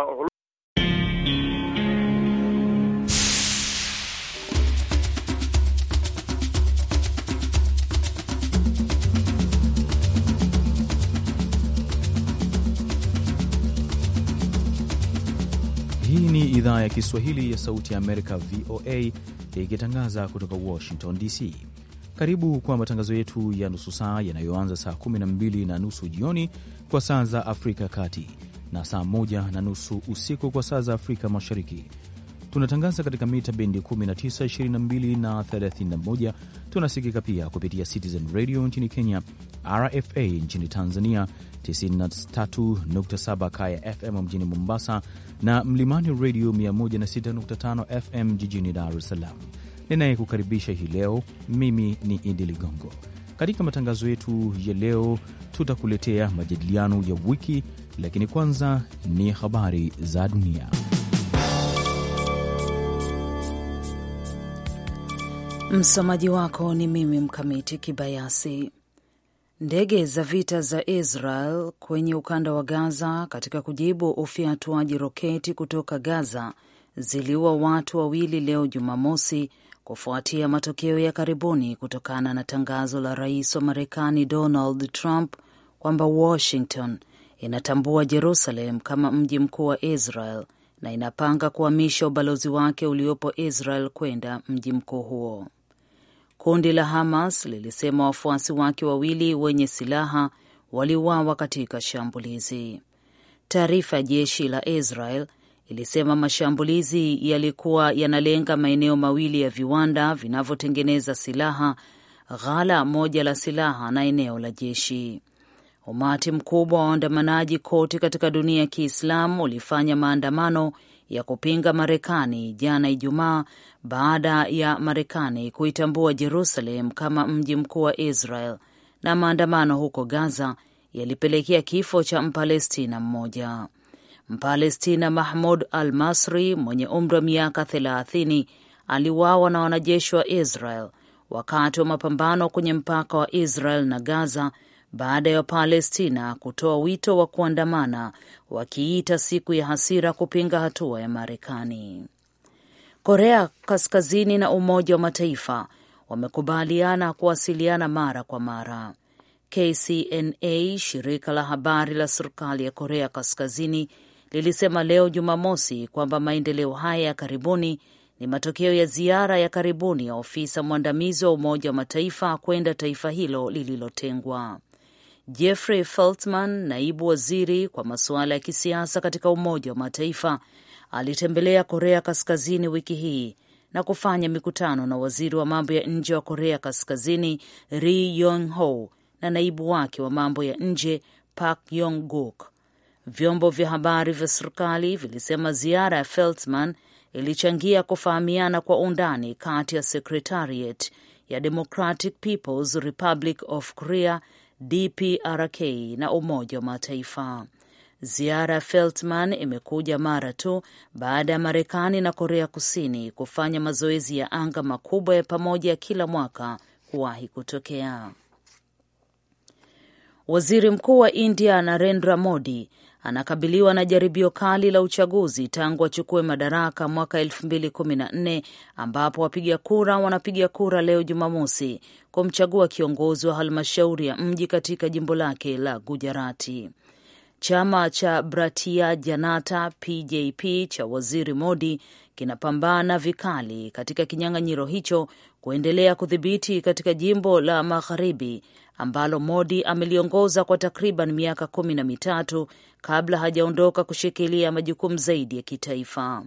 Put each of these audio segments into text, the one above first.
Hii ni idhaa ya Kiswahili ya Sauti ya Amerika, VOA, ikitangaza kutoka Washington DC. Karibu kwa matangazo yetu ya nusu saa yanayoanza saa 12 na nusu jioni kwa saa za Afrika Kati na saa moja na nusu usiku kwa saa za Afrika Mashariki. Tunatangaza katika mita bendi 19, 22 na 31. Tunasikika pia kupitia Citizen Radio nchini Kenya, RFA nchini Tanzania, 93.7 Kaya FM mjini Mombasa na Mlimani Radio 106.5 FM jijini Dar es Salaam. Ninayekukaribisha hii leo mimi ni Idi Ligongo. Katika matangazo yetu ya leo, tutakuletea majadiliano ya wiki lakini kwanza ni habari za dunia. Msomaji wako ni mimi Mkamiti Kibayasi. Ndege za vita za Israel kwenye ukanda wa Gaza katika kujibu ufyatuaji roketi kutoka Gaza ziliua watu wawili leo Jumamosi, kufuatia matokeo ya karibuni kutokana na tangazo la rais wa Marekani Donald Trump kwamba Washington inatambua Jerusalem kama mji mkuu wa Israel na inapanga kuhamisha ubalozi wake uliopo Israel kwenda mji mkuu huo. Kundi la Hamas lilisema wafuasi wake wawili wenye silaha waliuawa katika shambulizi. Taarifa ya jeshi la Israel ilisema mashambulizi yalikuwa yanalenga maeneo mawili ya viwanda vinavyotengeneza silaha, ghala moja la silaha na eneo la jeshi. Umati mkubwa wa waandamanaji kote katika dunia ya Kiislamu ulifanya maandamano ya kupinga Marekani jana Ijumaa baada ya Marekani kuitambua Jerusalem kama mji mkuu wa Israel, na maandamano huko Gaza yalipelekea kifo cha Mpalestina mmoja. Mpalestina Mahmud Al Masri mwenye umri wa miaka thelathini aliwawa na wanajeshi wa Israel wakati wa mapambano kwenye mpaka wa Israel na Gaza baada ya Wapalestina kutoa wito wa kuandamana wakiita siku ya hasira kupinga hatua ya Marekani. Korea Kaskazini na Umoja wa Mataifa wamekubaliana kuwasiliana mara kwa mara. KCNA, shirika la habari la serikali ya Korea Kaskazini, lilisema leo Jumamosi kwamba maendeleo haya ya karibuni ni matokeo ya ziara ya karibuni ya ofisa mwandamizi wa Umoja wa Mataifa kwenda taifa hilo lililotengwa. Jeffrey Feltman, naibu waziri kwa masuala ya kisiasa katika Umoja wa Mataifa, alitembelea Korea Kaskazini wiki hii na kufanya mikutano na waziri wa mambo ya nje wa Korea Kaskazini Ri Yong Ho na naibu wake wa mambo ya nje Park Yong Guk. Vyombo vya habari vya serikali vilisema ziara ya Feltman ilichangia kufahamiana kwa undani kati ya Secretariat ya Democratic People's Republic of Korea DPRK na Umoja wa Mataifa. Ziara ya Feltman imekuja mara tu baada ya Marekani na Korea Kusini kufanya mazoezi ya anga makubwa ya pamoja ya kila mwaka kuwahi kutokea. Waziri Mkuu wa India Narendra Modi anakabiliwa na jaribio kali la uchaguzi tangu achukue madaraka mwaka 2014 ambapo wapiga kura wanapiga kura leo Jumamosi kumchagua kiongozi wa halmashauri ya mji katika jimbo lake la Gujarati. Chama cha bratia Janata pjp cha Waziri Modi kinapambana vikali katika kinyang'anyiro hicho kuendelea kudhibiti katika jimbo la magharibi ambalo Modi ameliongoza kwa takriban miaka kumi na mitatu kabla hajaondoka kushikilia majukumu zaidi ya kitaifa.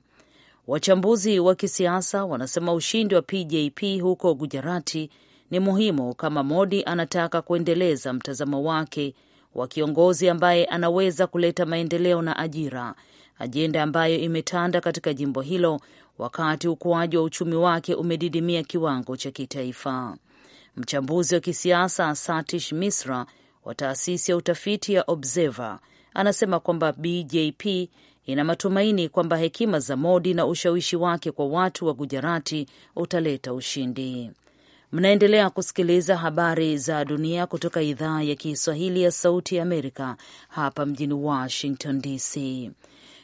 Wachambuzi wa kisiasa wanasema ushindi wa PJP huko Gujarati ni muhimu kama Modi anataka kuendeleza mtazamo wake wa kiongozi ambaye anaweza kuleta maendeleo na ajira, ajenda ambayo imetanda katika jimbo hilo wakati ukuaji wa uchumi wake umedidimia kiwango cha kitaifa. Mchambuzi wa kisiasa Satish Misra wa taasisi ya utafiti ya Observer anasema kwamba BJP ina matumaini kwamba hekima za Modi na ushawishi wake kwa watu wa Gujarati utaleta ushindi. Mnaendelea kusikiliza habari za dunia kutoka idhaa ya Kiswahili ya Sauti ya Amerika hapa mjini Washington DC.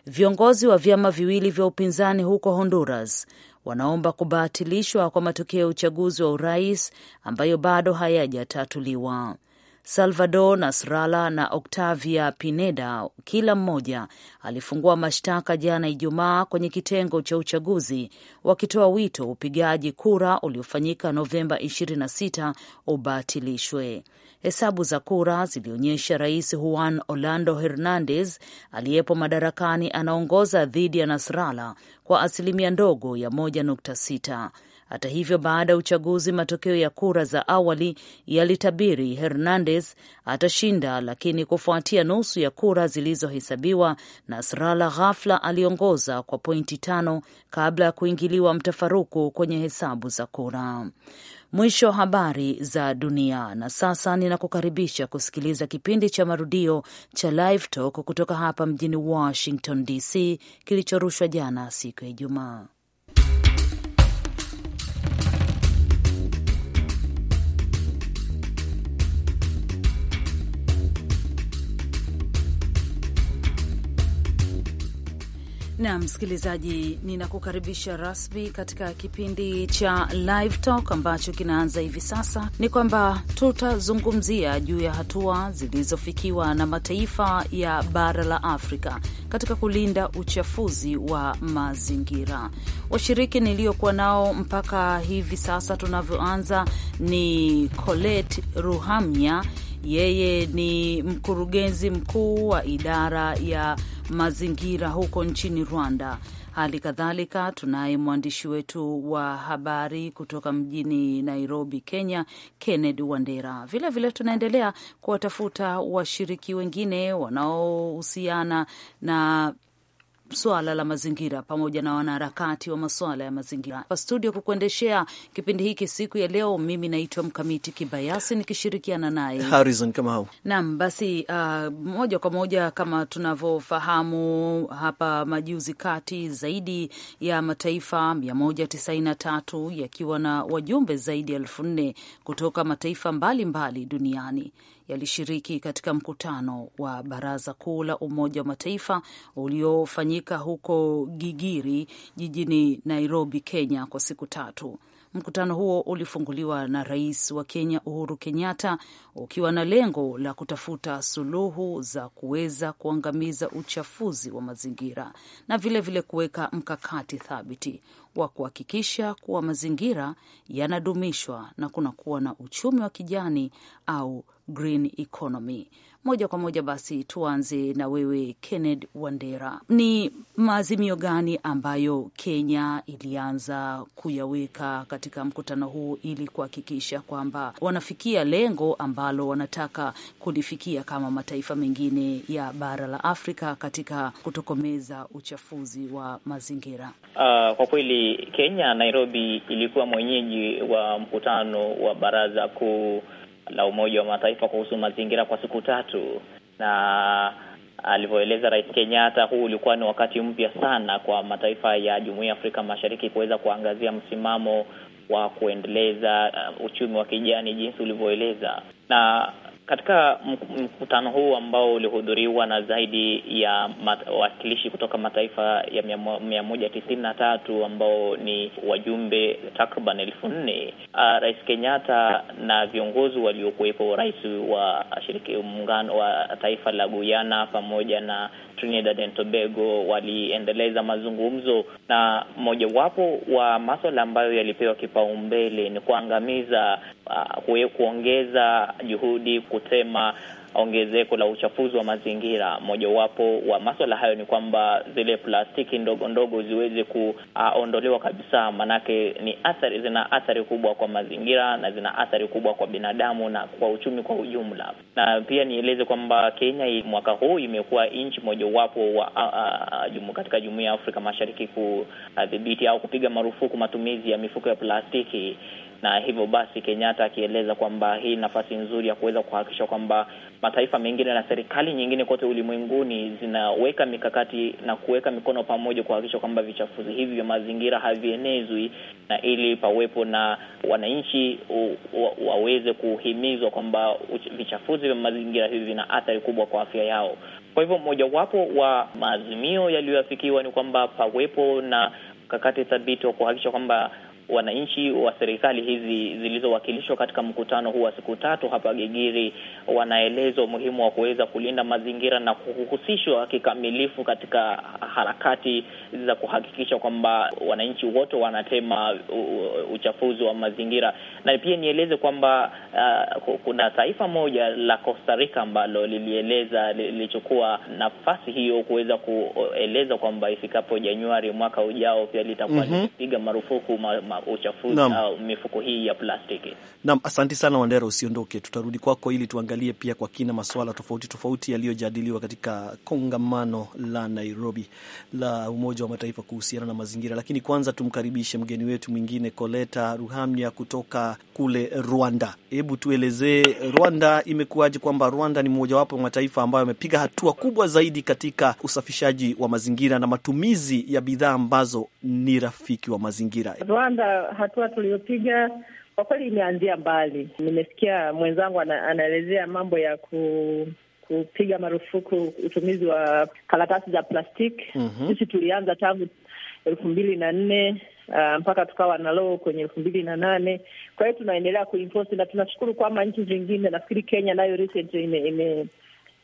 Viongozi wa vyama viwili vya upinzani huko Honduras wanaomba kubatilishwa kwa matokeo ya uchaguzi wa urais ambayo bado hayajatatuliwa. Salvador Nasralla na Octavia Pineda kila mmoja alifungua mashtaka jana Ijumaa kwenye kitengo cha uchaguzi, wakitoa wito upigaji kura uliofanyika Novemba 26 ubatilishwe. Hesabu za kura zilionyesha rais Juan Orlando Hernandez aliyepo madarakani anaongoza dhidi ya nasrala kwa asilimia ndogo ya 1.6. Hata hivyo, baada ya uchaguzi, matokeo ya kura za awali yalitabiri Hernandez atashinda, lakini kufuatia nusu ya kura zilizohesabiwa, nasrala ghafla aliongoza kwa pointi tano kabla ya kuingiliwa mtafaruku kwenye hesabu za kura. Mwisho wa habari za dunia. Na sasa ninakukaribisha kusikiliza kipindi cha marudio cha Live Talk kutoka hapa mjini Washington DC, kilichorushwa jana siku ya Ijumaa. Na msikilizaji, ninakukaribisha rasmi katika kipindi cha Live Talk ambacho kinaanza hivi sasa. Ni kwamba tutazungumzia juu ya hatua zilizofikiwa na mataifa ya bara la Afrika katika kulinda uchafuzi wa mazingira. Washiriki niliyokuwa nao mpaka hivi sasa tunavyoanza ni Colette Ruhamya, yeye ni mkurugenzi mkuu wa idara ya mazingira huko nchini Rwanda. Hali kadhalika tunaye mwandishi wetu wa habari kutoka mjini Nairobi, Kenya, Kennedy Wandera. Vilevile tunaendelea kuwatafuta washiriki wengine wanaohusiana na swala la mazingira pamoja na wanaharakati wa masuala ya mazingira. Kwa studio kukuendeshea kipindi hiki siku ya leo, mimi naitwa Mkamiti Kibayasi nikishirikiana naye Harrison Kamau. Naam, basi uh, moja kwa moja kama tunavyofahamu hapa, majuzi kati zaidi ya mataifa 193 yakiwa na wajumbe zaidi ya elfu nne kutoka mataifa mbalimbali mbali duniani yalishiriki katika mkutano wa Baraza Kuu la Umoja wa Mataifa uliofanyika huko Gigiri jijini Nairobi, Kenya kwa siku tatu. Mkutano huo ulifunguliwa na Rais wa Kenya Uhuru Kenyatta ukiwa na lengo la kutafuta suluhu za kuweza kuangamiza uchafuzi wa mazingira na vilevile kuweka mkakati thabiti wa kuhakikisha kuwa mazingira yanadumishwa na kunakuwa na uchumi wa kijani au green economy. Moja kwa moja basi tuanze na wewe Kenneth Wandera, ni maazimio gani ambayo Kenya ilianza kuyaweka katika mkutano huu ili kuhakikisha kwamba wanafikia lengo ambalo wanataka kulifikia kama mataifa mengine ya bara la Afrika katika kutokomeza uchafuzi wa mazingira? Uh, kwa kweli Kenya Nairobi ilikuwa mwenyeji wa mkutano wa baraza kuu la Umoja wa Mataifa kuhusu mazingira kwa siku tatu, na alivyoeleza Rais Kenyatta, huu ulikuwa ni wakati mpya sana kwa mataifa ya Jumuiya ya Afrika Mashariki kuweza kuangazia msimamo wa kuendeleza uh, uchumi wa kijani jinsi ulivyoeleza na katika mkutano huu ambao ulihudhuriwa na zaidi ya wawakilishi kutoka mataifa ya mia moja tisini na tatu ambao ni wajumbe takriban elfu nne uh, Rais Kenyatta na viongozi waliokuwepo, rais wa shiriki muungano wa taifa la Guyana pamoja na Trinidad and Tobago waliendeleza mazungumzo, na mojawapo wa maswala ambayo yalipewa kipaumbele ni kuangamiza uh, kuongeza juhudi kusema ongezeko la uchafuzi wa mazingira. Mojawapo wa maswala hayo ni kwamba zile plastiki ndogo ndogo ziweze kuondolewa kabisa, maanake ni athari, zina athari kubwa kwa mazingira na zina athari kubwa kwa binadamu na kwa uchumi kwa ujumla. Na pia nieleze kwamba Kenya mwaka huu imekuwa nchi mojawapo wa uh, katika jumuiya ya Afrika Mashariki kudhibiti au kupiga marufuku matumizi ya mifuko ya plastiki na hivyo basi Kenyatta akieleza kwamba hii nafasi nzuri ya kuweza kuhakikisha kwamba mataifa mengine na serikali nyingine kote ulimwenguni zinaweka mikakati na kuweka mikono pamoja kuhakikisha kwamba vichafuzi hivi vya mazingira havienezwi, na ili pawepo na wananchi waweze kuhimizwa kwamba vichafuzi vya mazingira hivi vina athari kubwa kwa afya yao. Kwa hivyo mojawapo wa maazimio yaliyoafikiwa ni kwamba pawepo na mkakati thabiti wa kuhakikisha kwamba wananchi wa serikali hizi zilizowakilishwa katika mkutano huu wa siku tatu hapa Gigiri wanaeleza umuhimu wa kuweza kulinda mazingira na kuhusishwa kikamilifu katika harakati za kuhakikisha kwamba wananchi wote wanatema uchafuzi wa mazingira. Na pia nieleze kwamba uh, kuna taifa moja la Costa Rica ambalo lilieleza lilichukua nafasi hiyo kuweza kueleza kwamba ifikapo Januari mwaka ujao pia litakuwa mm -hmm. likipiga marufuku ma, ma, uchafuzi au mifuko hii ya plastiki. Naam, asanti sana Wandera, usiondoke, tutarudi kwako ili tuangalie pia kwa kina masuala tofauti tofauti yaliyojadiliwa katika kongamano la Nairobi la Umoja wa Mataifa kuhusiana na mazingira, lakini kwanza tumkaribishe mgeni wetu mwingine Koleta Ruhamya kutoka kule Rwanda. Hebu tuelezee Rwanda, imekuwaje kwamba Rwanda ni mmojawapo wa mataifa ambayo yamepiga hatua kubwa zaidi katika usafishaji wa mazingira na matumizi ya bidhaa ambazo ni rafiki wa mazingira. Rwanda hatua tuliyopiga kwa kweli imeanzia mbali. Nimesikia mwenzangu anaelezea mambo ya ku kupiga marufuku utumizi wa karatasi za plastiki. mm -hmm. Sisi tulianza tangu elfu mbili na nne uh, mpaka tukawa na loo kwenye elfu mbili na nane Kwa hiyo tunaendelea ku na tunashukuru kwamba nchi zingine, nafikiri Kenya nayo imekataza ime-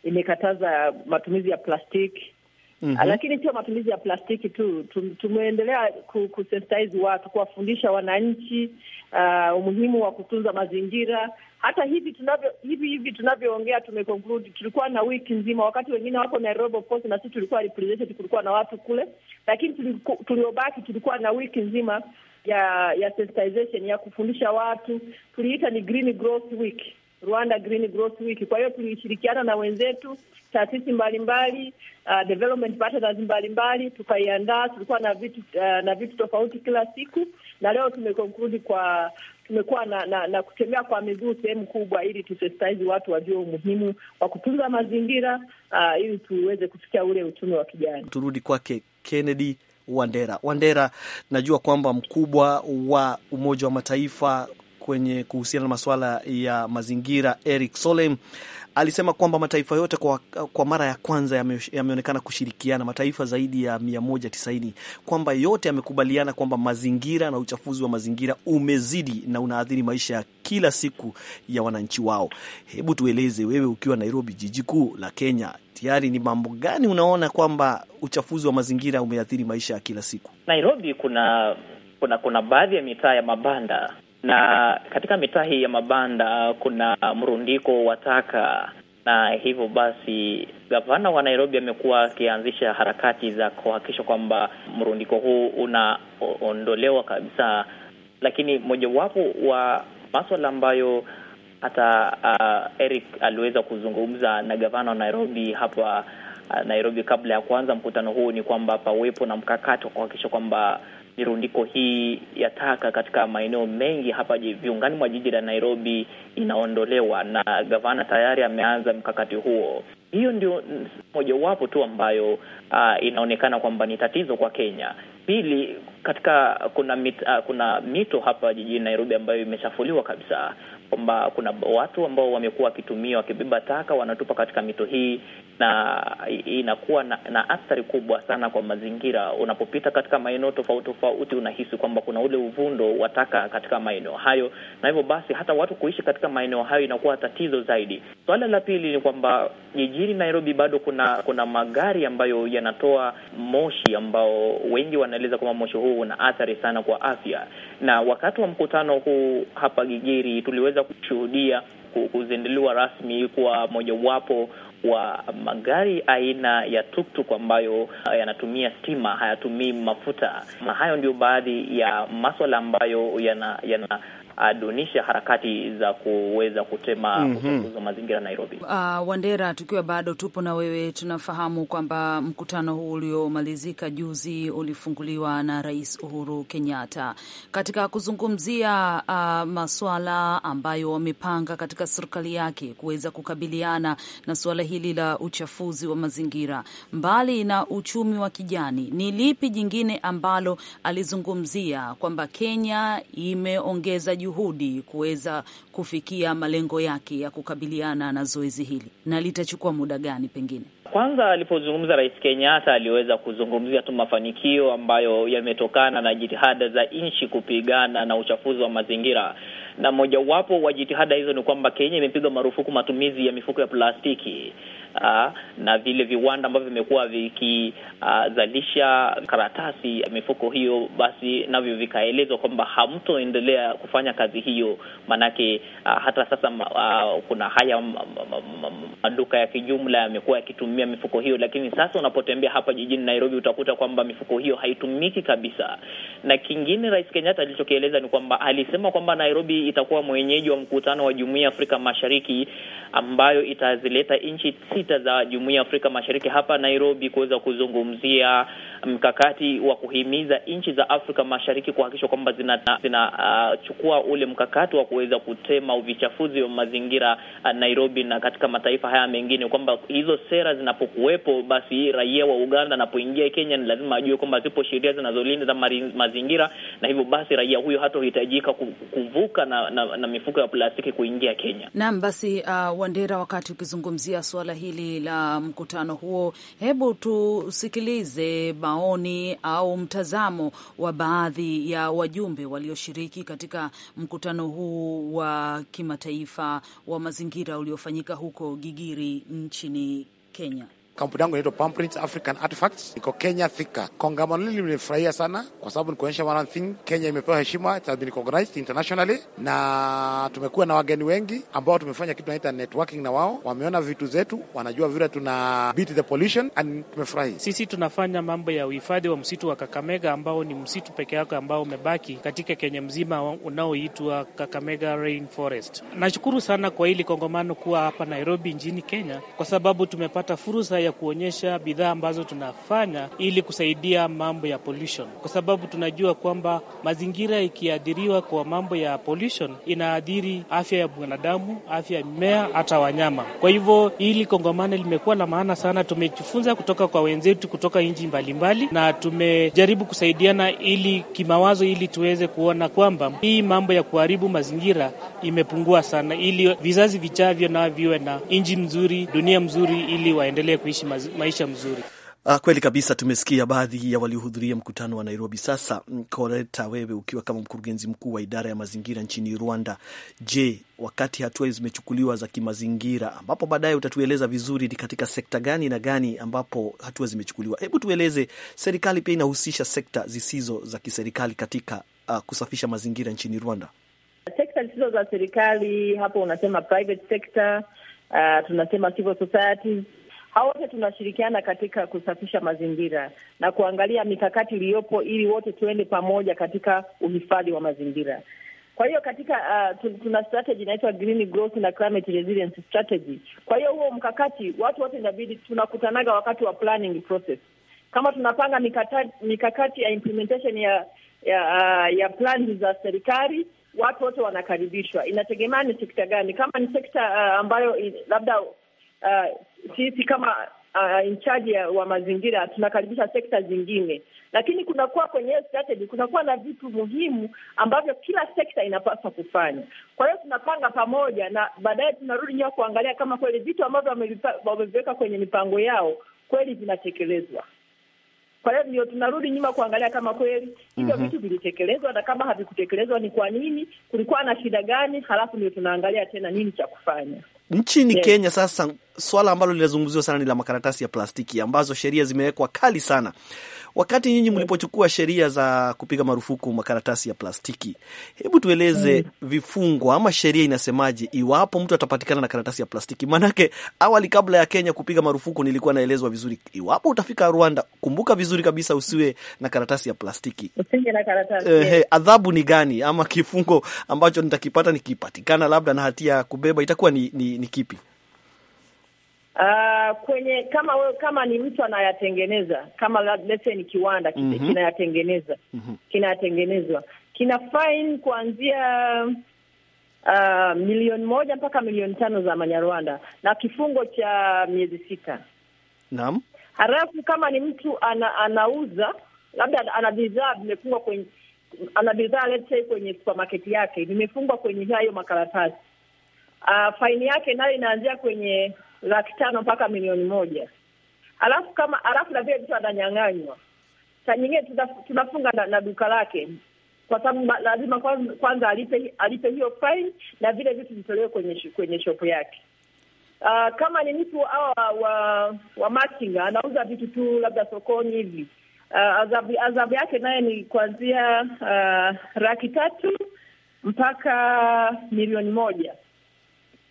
imekataza matumizi ya plastiki Mm -hmm. Lakini sio matumizi ya plastiki tu, tumeendelea kusensitize watu, kuwafundisha wananchi uh, umuhimu wa kutunza mazingira. Hata hivi tunavyo hivi hivi tunavyoongea tumeconclude, tulikuwa na wiki nzima, wakati wengine wako Nairobi of course, na sisi tulikuwa represented, kulikuwa na watu kule, lakini tuliobaki tulikuwa na wiki nzima ya ya sensitization, ya kufundisha watu, tuliita ni Green Growth Week Rwanda Green Growth Week. Kwa hiyo tulishirikiana na wenzetu taasisi mbalimbali uh, development partners mbalimbali tukaiandaa. Tulikuwa na vitu uh, na vitu tofauti kila siku, na leo tumekonkludi kwa tumekuwa na, na, na kutembea kwa miguu sehemu kubwa, ili tusensitize watu wajue umuhimu wa kutunza mazingira uh, ili tuweze kufikia ule uchumi wa kijani. Turudi kwake Kennedy Wandera. Wandera, najua kwamba mkubwa wa Umoja wa Mataifa kwenye kuhusiana na masuala ya mazingira Eric Solem alisema kwamba mataifa yote kwa, kwa mara ya kwanza yame, yameonekana kushirikiana mataifa zaidi ya 190 kwamba yote yamekubaliana kwamba mazingira na uchafuzi wa mazingira umezidi na unaathiri maisha ya kila siku ya wananchi wao. Hebu tueleze wewe, ukiwa Nairobi, jiji kuu la Kenya, tayari ni mambo gani unaona kwamba uchafuzi wa mazingira umeathiri maisha ya kila siku Nairobi? Kuna kuna, kuna baadhi ya mitaa ya mabanda na katika mitaa hii ya mabanda kuna mrundiko wa taka, na hivyo basi gavana wa Nairobi amekuwa akianzisha harakati za kuhakikisha kwamba mrundiko huu unaondolewa kabisa, lakini mojawapo wa maswala ambayo hata uh, Eric aliweza kuzungumza na gavana wa Nairobi hapa Nairobi kabla ya kuanza mkutano huu ni kwamba pawepo na mkakati wa kuhakikisha kwamba mirundiko hii ya taka katika maeneo mengi hapa viungani mwa jiji la Nairobi inaondolewa, na gavana tayari ameanza mkakati huo. Hiyo ndio mojawapo tu ambayo uh, inaonekana kwamba ni tatizo kwa Kenya. Pili, katika kuna mit, uh, kuna mito hapa jijini Nairobi ambayo imechafuliwa kabisa kwamba kuna watu ambao wamekuwa wakitumia wakibeba taka wanatupa katika mito hii, na inakuwa na, na athari kubwa sana kwa mazingira. Unapopita katika maeneo tofauti tofauti, unahisi kwamba kuna ule uvundo wa taka katika maeneo hayo, na hivyo basi hata watu kuishi katika maeneo hayo inakuwa tatizo zaidi. Swala la pili ni kwamba jijini Nairobi bado kuna kuna magari ambayo yanatoa moshi ambao wengi wanaeleza kwamba moshi huu una athari sana kwa afya, na wakati wa mkutano huu hapa Gigiri tuliweza tumeweza kushuhudia kuzinduliwa rasmi kwa mojawapo wa magari aina ya tuktuk ambayo uh, yanatumia stima, hayatumii mafuta. na Hayo ndio baadhi ya maswala ambayo yana, yana adunishe uh, harakati za kuweza kutema mm -hmm. uchafuzi wa mazingira Nairobi. Uh, Wandera, tukiwa bado tupo na wewe, tunafahamu kwamba mkutano huu uliomalizika juzi ulifunguliwa na Rais Uhuru Kenyatta katika kuzungumzia uh, masuala ambayo wamepanga katika serikali yake kuweza kukabiliana na suala hili la uchafuzi wa mazingira. Mbali na uchumi wa kijani, ni lipi jingine ambalo alizungumzia kwamba Kenya imeongeza juhudi kuweza kufikia malengo yake ya kukabiliana na zoezi hili na litachukua muda gani pengine? Kwanza alipozungumza Rais Kenyatta aliweza kuzungumzia tu mafanikio ambayo yametokana na jitihada za nchi kupigana na uchafuzi wa mazingira, na mojawapo wa jitihada hizo ni kwamba Kenya imepiga marufuku matumizi ya mifuko ya plastiki. Aa, na vile viwanda ambavyo vimekuwa vikizalisha karatasi ya mifuko hiyo, basi navyo vikaelezwa kwamba hamtoendelea kufanya kazi hiyo, maanake hata sasa ma, kuna haya maduka ya kijumla yamekuwa yakitumia kutumia mifuko hiyo, lakini sasa unapotembea hapa jijini Nairobi utakuta kwamba mifuko hiyo haitumiki kabisa. Na kingine Rais Kenyatta alichokieleza ni kwamba alisema kwamba Nairobi itakuwa mwenyeji wa mkutano wa Jumuiya Afrika Mashariki ambayo itazileta nchi sita za Jumuiya Afrika Mashariki hapa Nairobi kuweza kuzungumzia mkakati wa kuhimiza nchi za Afrika Mashariki kuhakikisha kwamba zinachukua zina, uh, ule mkakati wa kuweza kutema uvichafuzi wa mazingira uh, Nairobi na katika mataifa haya mengine kwamba hizo sera napokuwepo, basi raia wa Uganda anapoingia Kenya ni lazima ajue kwamba zipo sheria zinazolinda za mazingira, na hivyo basi raia huyo hatahitajika kuvuka na, na, na mifuko ya plastiki kuingia Kenya. Naam, basi uh, Wandera, wakati ukizungumzia suala hili la mkutano huo, hebu tusikilize maoni au mtazamo wa baadhi ya wajumbe walioshiriki katika mkutano huu wa kimataifa wa mazingira uliofanyika huko Gigiri nchini Kenya. Kampuni yangu inaitwa Palmprint African Artifacts, iko Kenya, Thika. Kongamano hili limefurahia sana kwa sababu ni kuonyesha one thing, Kenya imepewa heshima, it has been recognized internationally, na tumekuwa na wageni wengi ambao tumefanya kitu naita networking na wao, wameona vitu zetu, wanajua vile tuna beat the pollution and tumefurahi. Sisi tunafanya mambo ya uhifadhi wa msitu wa Kakamega ambao ni msitu peke yake ambao umebaki katika Kenya mzima unaoitwa Kakamega Rainforest. Nashukuru sana kwa hili kongamano kuwa hapa Nairobi nchini Kenya kwa sababu tumepata fursa ya kuonyesha bidhaa ambazo tunafanya ili kusaidia mambo ya pollution, kwa sababu tunajua kwamba mazingira ikiadhiriwa kwa mambo ya pollution inaadhiri afya ya mwanadamu, afya ya mimea, hata wanyama. Kwa hivyo hili kongamano limekuwa la maana sana. Tumejifunza kutoka kwa wenzetu kutoka nchi mbalimbali, na tumejaribu kusaidiana ili kimawazo, ili tuweze kuona kwamba hii mambo ya kuharibu mazingira imepungua sana, ili vizazi vichavyo na viwe na nchi mzuri, dunia mzuri, ili waendelee kuishi kuishi maisha mzuri. Ah, kweli kabisa, tumesikia baadhi ya waliohudhuria mkutano wa Nairobi. Sasa mm, Koreta, wewe ukiwa kama mkurugenzi mkuu wa idara ya mazingira nchini Rwanda, je, wakati hatua zimechukuliwa za kimazingira, ambapo baadaye utatueleza vizuri ni katika sekta gani na gani ambapo hatua zimechukuliwa, hebu tueleze, serikali pia inahusisha sekta zisizo za kiserikali katika uh, kusafisha mazingira nchini Rwanda? Sekta zisizo za serikali, hapo unasema private sector, uh, tunasema civil society hao wote tunashirikiana katika kusafisha mazingira na kuangalia mikakati iliyopo ili wote tuende pamoja katika uhifadhi wa mazingira. Kwa hiyo katika uh, tuna strategy inaitwa Green Growth na Climate Resilience Strategy. Kwa hiyo huo mkakati watu wote inabidi tunakutanaga wakati wa planning process, kama tunapanga mikakati, mikakati ya implementation ya ya, uh, ya plans za serikali watu wote wanakaribishwa. Inategemea ni sekta gani. Kama ni sekta uh, ambayo in, labda Uh, sisi kama uh, in charge wa mazingira tunakaribisha sekta zingine, lakini kunakuwa kwenye hiyo strategy kunakuwa na vitu muhimu ambavyo kila sekta inapaswa kufanya. Kwa hiyo tunapanga pamoja, na baadaye tunarudi nyuma kuangalia kama kweli vitu ambavyo wameviweka kwenye mipango yao kweli vinatekelezwa. Kwa hiyo ndio tunarudi nyuma kuangalia kama kweli hivyo mhm. vitu vilitekelezwa, na kama havikutekelezwa ni kwa nini, kulikuwa na shida gani, halafu ndio tunaangalia tena nini cha kufanya. Nchini yes. Kenya sasa, swala ambalo linazungumziwa sana ni la makaratasi ya plastiki ambazo sheria zimewekwa kali sana. Wakati nyinyi mlipochukua sheria za kupiga marufuku makaratasi ya plastiki, hebu tueleze mm. vifungo ama sheria inasemaje iwapo mtu atapatikana na karatasi ya plastiki? Maanake awali kabla ya Kenya kupiga marufuku nilikuwa naelezwa vizuri, iwapo utafika Rwanda, kumbuka vizuri kabisa usiwe na karatasi ya plastiki. karatasi Eh, adhabu ni gani ama kifungo ambacho nitakipata nikipatikana labda na hatia ya kubeba itakuwa ni, ni, ni, ni kipi? Uh, kwenye kama we, kama ni mtu anayatengeneza kama let's say ni kiwanda mm -hmm. kinayatengeneza mm -hmm. kinayatengenezwa kina fine kuanzia uh, milioni moja mpaka milioni tano za Manyarwanda na kifungo cha miezi sita. Naam. Halafu kama ni mtu ana, anauza labda ana bidhaa vimefungwa kwenye ana bidhaa let's say kwenye supermarket yake vimefungwa kwenye hayo makaratasi uh, faini yake nayo inaanzia kwenye laki tano mpaka milioni moja. Alafu kama alafu na vile mtu ananyang'anywa, saa nyingine tunafunga na, na duka lake kwa sababu lazima kwanza, kwanza alipe alipe hiyo fine na vile vitu vitolewe kwenye kwenye shopo yake. Uh, kama ni mtu awa wa wa machinga anauza vitu tu labda sokoni hivi uh, ah, adhabu adhabu yake naye ni kuanzia uh, laki tatu mpaka milioni moja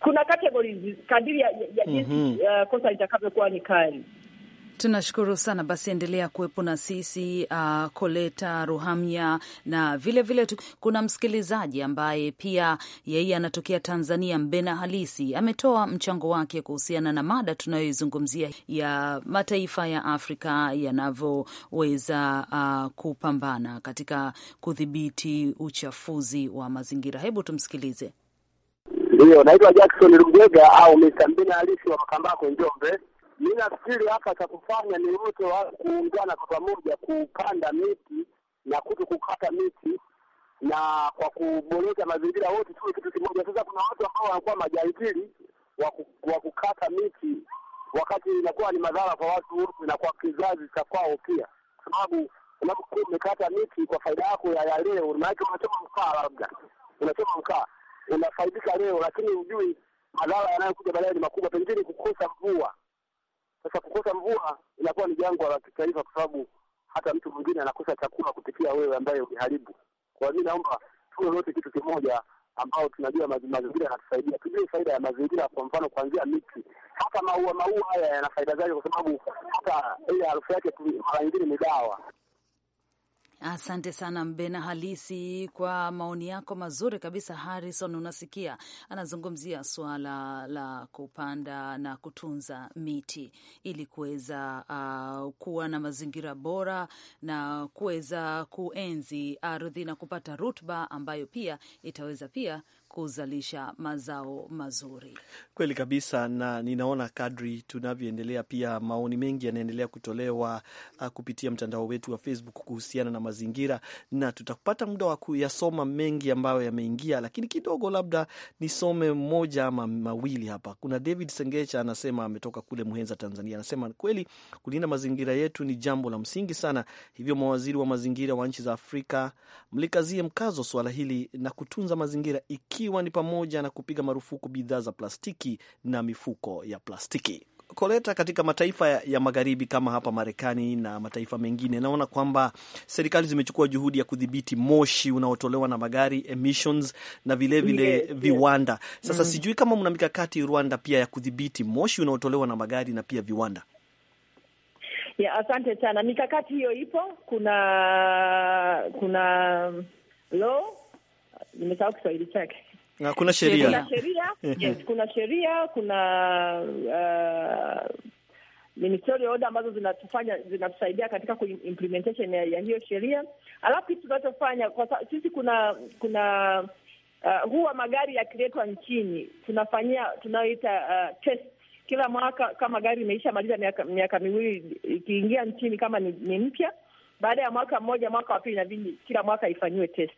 kuna categories kadiri ya, ya mm -hmm. uh, kosa itakavyokuwa ni kali. Tunashukuru sana basi, endelea kuwepo na sisi uh, Koleta Ruhamya na vilevile vile tu, kuna msikilizaji ambaye pia yeye anatokea Tanzania, Mbena Halisi ametoa mchango wake kuhusiana na mada tunayoizungumzia ya mataifa ya Afrika yanavyoweza uh, kupambana katika kudhibiti uchafuzi wa mazingira. Hebu tumsikilize. Ndiyo, naitwa Jackson Rugega au Mr. Mbina halisi wa Makambako Njombe. Mimi nafikiri hapa cha kufanya ni wote wa kuungana kwa pamoja kupanda miti na kuto kukata miti na kwa kuboresha mazingira, wote tuwe kitu kimoja. Sasa kuna watu ambao wanakuwa majangili wa kukata miti, wakati inakuwa ni madhara kwa watu wote na kwa kizazi cha kwao pia, sababu unapokuwa umekata miti kwa faida yako ya leo, maanake unachoma mkaa, labda unachoma mkaa unafaidika leo, lakini hujui madhara yanayokuja baadaye ni makubwa, pengine kukosa mvua. Sasa kukosa mvua inakuwa ni jangwa la kitaifa, kwa sababu hata mtu mwingine anakosa chakula kupitia wewe ambaye uliharibu. Kwa mi naomba tuwe wote kitu kimoja, ambao tunajua mazingira yanatusaidia, tujue faida ya mazingira. Kwa mfano, kuanzia miti, hata maua. Maua haya yana faida zake, kwa sababu hata ile harufu yake mara nyingine ni dawa. Asante sana Mbena Halisi kwa maoni yako mazuri kabisa. Harrison, unasikia anazungumzia suala la kupanda na kutunza miti ili kuweza uh, kuwa na mazingira bora na kuweza kuenzi ardhi na kupata rutba ambayo pia itaweza pia kuzalisha mazao mazuri. Kweli kabisa, na ninaona kadri tunavyoendelea pia maoni mengi yanaendelea kutolewa uh, kupitia mtandao wetu wa Facebook kuhusiana na mazingira, na tutapata muda wa kuyasoma mengi ambayo yameingia, lakini kidogo labda nisome moja ama mawili hapa. Kuna David Sengecha anasema, ametoka kule Muhenza, Tanzania, anasema kweli kulinda mazingira yetu ni jambo la msingi sana, hivyo mawaziri wa mazingira wa nchi za Afrika mlikazie mkazo swala hili na kutunza mazingira iki ikiwa ni pamoja na kupiga marufuku bidhaa za plastiki na mifuko ya plastiki. Koleta, katika mataifa ya magharibi kama hapa Marekani na mataifa mengine, naona kwamba serikali zimechukua juhudi ya kudhibiti moshi unaotolewa na magari emissions, na vilevile vile yeah, viwanda Sasa mm, sijui kama mna mikakati Rwanda pia ya kudhibiti moshi unaotolewa na magari na pia viwanda. Yeah, asante sana. Mikakati hiyo ipo, kuna kuna law, nimesahau Kiswahili chake na kuna sheria, kuna sheria, yes, kuna, sheria kuna uh, ministerial order ambazo zinatufanya zinatusaidia katika implementation ya, ya hiyo sheria. Alafu kitu tunachofanya kwa sisi kuna kuna uh, huwa magari yakiletwa nchini tunafanyia tunayoita uh, test kila mwaka. Kama gari imeisha maliza miaka, miaka miwili ikiingia nchini kama ni, ni mpya, baada ya mwaka mmoja, mwaka wa pili, na vingi kila mwaka ifanyiwe test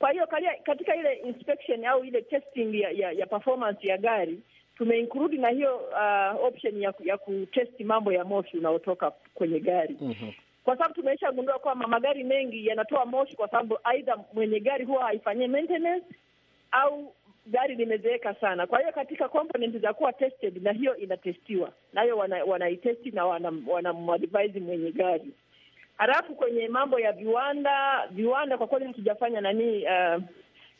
kwa hiyo katika ile inspection au ile testing ya, ya, ya performance ya gari tumeinclude na hiyo uh, option ya, ya kutesti mambo ya moshi unaotoka kwenye gari mm -hmm. Kwa sababu tumeshagundua kwamba magari mengi yanatoa moshi kwa sababu aidha mwenye gari huwa haifanyie maintenance au gari limezeeka sana. Kwa hiyo katika component za kuwa tested na hiyo inatestiwa nayo, wanaitesti wana na wanamwadvise wana mwenye gari Halafu kwenye mambo ya viwanda, viwanda kwa kweli hatujafanya nani uh,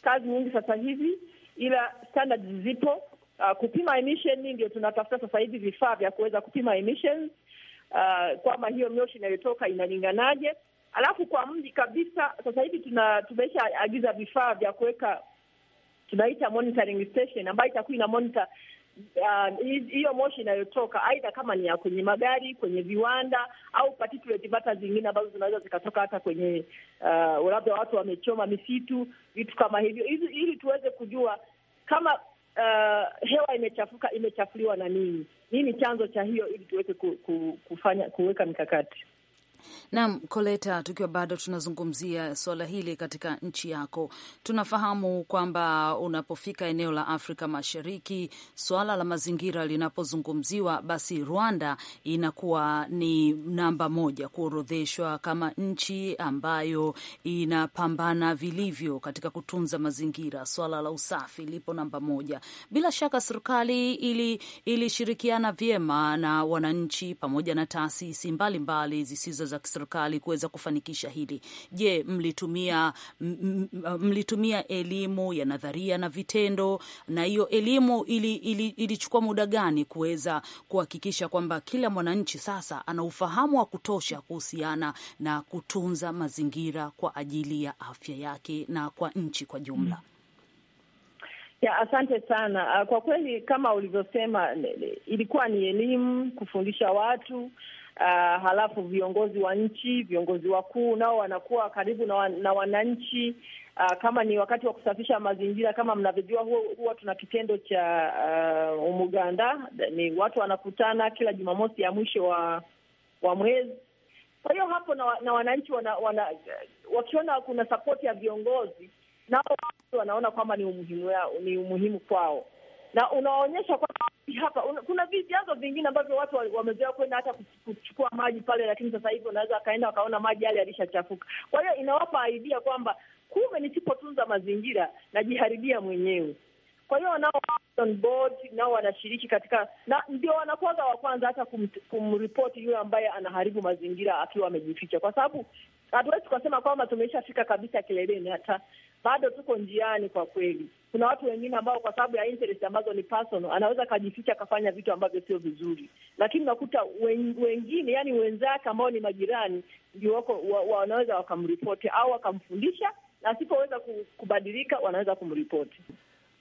kazi nyingi sasa hivi, ila standards zipo. Uh, kupima emission ndio tunatafuta sasa hivi vifaa vya kuweza kupima emissions uh, kwamba hiyo moshi inayotoka inalinganaje. Alafu kwa mji kabisa sasa hivi tuna tumeshaagiza vifaa vya kuweka tunaita monitoring station ambayo itakuwa ina monitor Uh, hiyo uh, moshi inayotoka aidha kama ni ya kwenye magari, kwenye viwanda au particulate matter zingine ambazo zinaweza zikatoka hata kwenye uh, labda watu wamechoma misitu, vitu kama hivyo, ili tuweze kujua kama uh, hewa imechafuka, imechafuliwa na nini, nini chanzo cha hiyo, ili tuweze kufanya kuweka mikakati. Naam, Koleta, tukiwa bado tunazungumzia suala hili katika nchi yako, tunafahamu kwamba unapofika eneo la Afrika Mashariki, suala la mazingira linapozungumziwa, basi Rwanda inakuwa ni namba moja kuorodheshwa kama nchi ambayo inapambana vilivyo katika kutunza mazingira. Suala la usafi lipo namba moja. Bila shaka serikali ili ilishirikiana vyema na wananchi pamoja na taasisi mbalimbali zisizo za kiserikali kuweza kufanikisha hili. Je, mlitumia mlitumia elimu ya nadharia na vitendo, na hiyo elimu ilichukua ili, ili muda gani kuweza kuhakikisha kwamba kila mwananchi sasa ana ufahamu wa kutosha kuhusiana na kutunza mazingira kwa ajili ya afya yake na kwa nchi kwa jumla? mm. Ya, asante sana. Kwa kweli kama ulivyosema, ilikuwa ni elimu, kufundisha watu Uh, halafu viongozi wa nchi, viongozi wakuu nao wanakuwa karibu na, na wananchi uh, kama ni wakati wa kusafisha mazingira, kama mnavyojua, huwa, huwa tuna kitendo cha uh, umuganda. Ni watu wanakutana kila Jumamosi ya mwisho wa wa mwezi. Kwa hiyo hapo na, na wananchi wana, wana, wakiona kuna sapoti ya viongozi nao wanaona kwamba ni umuhimu, ni umuhimu kwao na unaonyesha kwamba hapa una, kuna vyanzo vingine ambavyo watu wamezoea kwenda hata kuchukua maji pale, lakini sasa hivi unaweza akaenda wakaona maji yale yalishachafuka. Kwa hiyo inawapa aidia kwamba kumbe nisipotunza mazingira najiharibia mwenyewe. Kwa hiyo wanao on board nao wanashiriki katika na ndio wanakwanza wa kwanza hata kumripoti yule ambaye anaharibu mazingira akiwa amejificha, kwa sababu hatuwezi tukasema kwamba tumeshafika kabisa kileleni. Hata bado tuko njiani kwa kweli. Kuna watu wengine ambao kwa sababu ya interest ambazo ni personal, anaweza akajificha akafanya vitu ambavyo sio vizuri, lakini unakuta wengine, yani wenzake ambao ni majirani, ndio wako wa, wanaweza wakamripoti au wakamfundisha, na asipoweza kubadilika wanaweza kumripoti.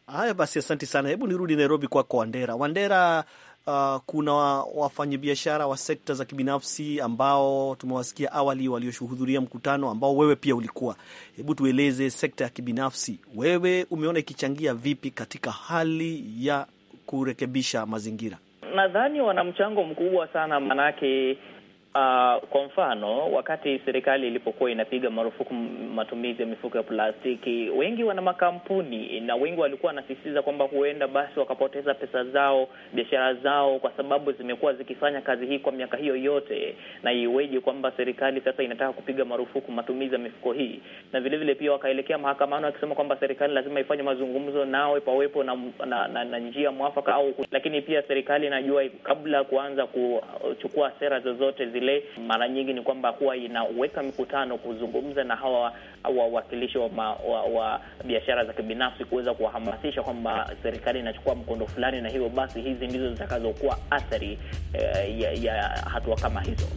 Haya basi, asante sana. Hebu nirudi Nairobi kwako, kwa Wandera. Wandera, uh, kuna wafanyabiashara wa sekta za kibinafsi ambao tumewasikia awali walioshuhudhuria mkutano ambao wewe pia ulikuwa. Hebu tueleze sekta ya kibinafsi, wewe umeona ikichangia vipi katika hali ya kurekebisha mazingira? Nadhani wana mchango mkubwa sana, maanake Uh, kwa mfano wakati serikali ilipokuwa inapiga marufuku matumizi ya mifuko ya plastiki, wengi wana makampuni na wengi walikuwa wanasisitiza kwamba huenda basi wakapoteza pesa zao, biashara zao, kwa sababu zimekuwa zikifanya kazi hii kwa miaka hiyo yote, na iweje kwamba serikali sasa inataka kupiga marufuku matumizi ya mifuko hii? Na vilevile vile pia wakaelekea mahakamani wakisema kwamba serikali lazima ifanye mazungumzo nao, pawepo na, na, na, na njia mwafaka au, lakini pia serikali inajua kabla kuanza kuchukua sera zozote zile mara nyingi ni kwamba huwa inaweka mikutano kuzungumza na hawa wawakilishi wa, wa, wa, wa biashara za kibinafsi kuweza kuwahamasisha kwamba serikali inachukua mkondo fulani, na hivyo basi hizi ndizo zitakazokuwa athari eh, ya, ya hatua kama hizo.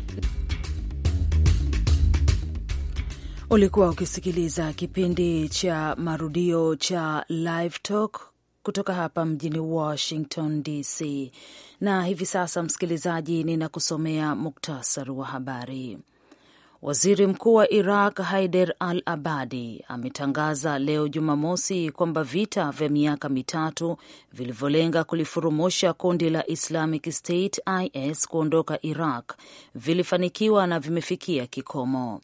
Ulikuwa ukisikiliza kipindi cha marudio cha Live Talk kutoka hapa mjini Washington DC. Na hivi sasa, msikilizaji, ninakusomea muktasari wa habari. Waziri mkuu wa Iraq Haider al Abadi ametangaza leo Jumamosi kwamba vita vya miaka mitatu vilivyolenga kulifurumusha kundi la Islamic State IS kuondoka Iraq vilifanikiwa na vimefikia kikomo.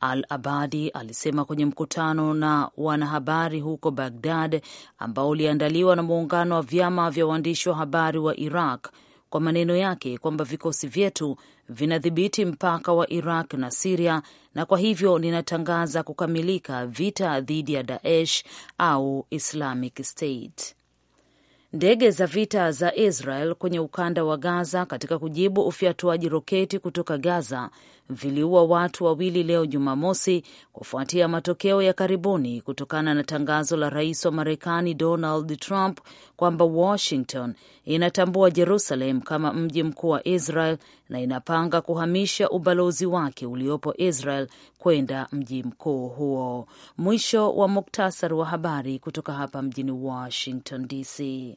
Al-Abadi alisema kwenye mkutano na wanahabari huko Bagdad ambao uliandaliwa na muungano wa vyama vya waandishi wa habari wa Iraq, kwa maneno yake kwamba vikosi vyetu vinadhibiti mpaka wa Iraq na Siria na kwa hivyo ninatangaza kukamilika vita dhidi ya Daesh au Islamic State. Ndege za vita za Israel kwenye ukanda wa Gaza katika kujibu ufyatuaji roketi kutoka Gaza viliua watu wawili leo Jumamosi kufuatia matokeo ya karibuni kutokana na tangazo la rais wa Marekani Donald Trump kwamba Washington inatambua Jerusalem kama mji mkuu wa Israel na inapanga kuhamisha ubalozi wake uliopo Israel kwenda mji mkuu huo. Mwisho wa muktasari wa habari kutoka hapa mjini Washington DC.